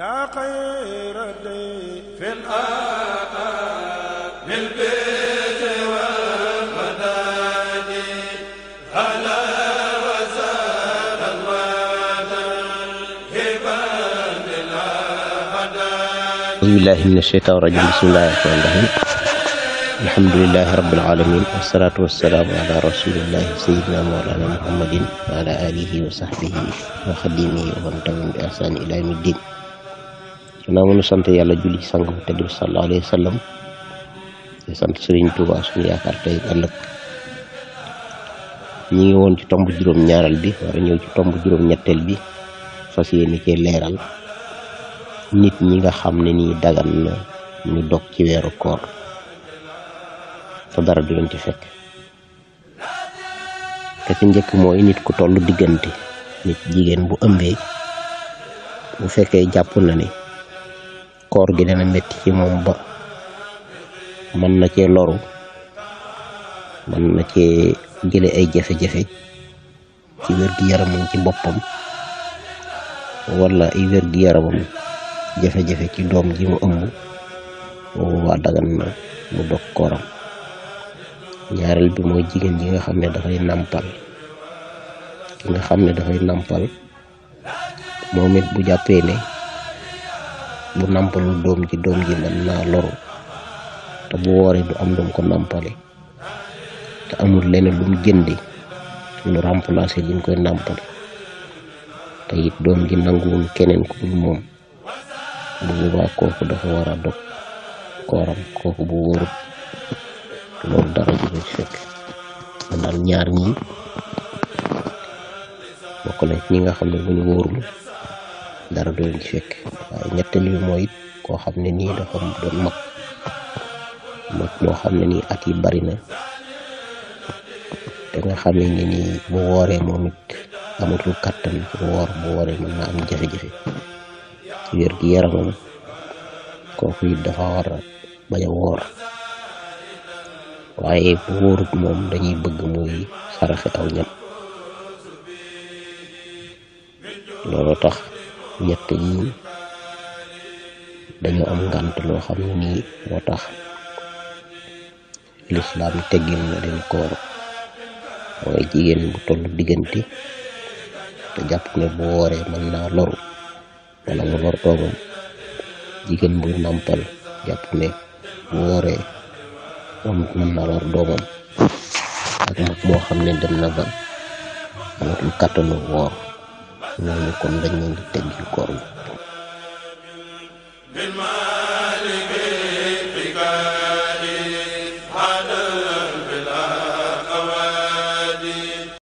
يا خير الدين في الآثار للبيت والمداني على وزال الوطن هبا للأبدان بسم الله من الشيطان الرجيم بسم الله الرحمن الرحيم الحمد لله رب العالمين والصلاة والسلام على رسول الله سيدنا مولانا محمد وعلى آله وصحبه وخدمه ومن تبعهم بإحسان إلى يوم الدين ginnaaw mënu sante yalla julli sang te du sallallahu alayhi wasallam sallam ya, sante Serigne Touba suñu yaakar tay ëlëk ñi ngi woon ci tombu juroom ñaaral bi wara ñew ci tombu juroom ñettel bi fasiyene ci leral nit ñi nga xamne ni dagal na ñu dog ci wéru koor te dara du leen ci fekk ka ci ñëk moy nit ku tollu digënté nit jigen bu ëmbé bu fekkee jàpp na ni koor gi dana métti ci moom ba mën na cee loru mën na cee jële ay jafe-jafe ci wér-gi-yaramam ci boppam wala ay wér-gi-yaramam jafe-jafe ci doom ji mu ëmb waa dagan na mu dog kooram ñaareel bi mooy jigéen ji nga xam ne dafay nàmpal ki nga xam ne dafay nàmpal moom it jàppee ne bu nampalul doom ji doom ji mën naa loru te bu wooree du am lu ko nampale te amul leneen lu mu jëndi lu remplacer liñ koy nampale te it doom ji nanguwul keneen ku dul moom bu boobaa kooku dafa war a dog kooram kooku bu wóorut loolu dara ju fekk man daal ñaar ñi bokk na ñi nga xam ne bu ñu dara do len ci fekk waaye ñetteel bi mooy it koo xam ne dafa doon mak mak lo xamne ni ak yi bari na da nga xamne ni ni bu wooree moom it amatul kàttan ci woor bu woré mën na am jafé jafé ci wér gi yaramam ko fi dafa war a bañ a woor bu wor mom dañuy bëgg muy saraxe aw ñam loolu tax ñett yi dañu am ngànt loo xam ne nii tax lislaam teggil na leen koor mooy jigéen bu toll diggante te jàpp ne bu wooree mën naa loru wala mu lor doomam jigéen buy nàmpal jàpp ne bu wooree moom mën naa lor doomam moo xam ne dem na ba amatul woor ñooñu kon dañ leen di teg yu koor yi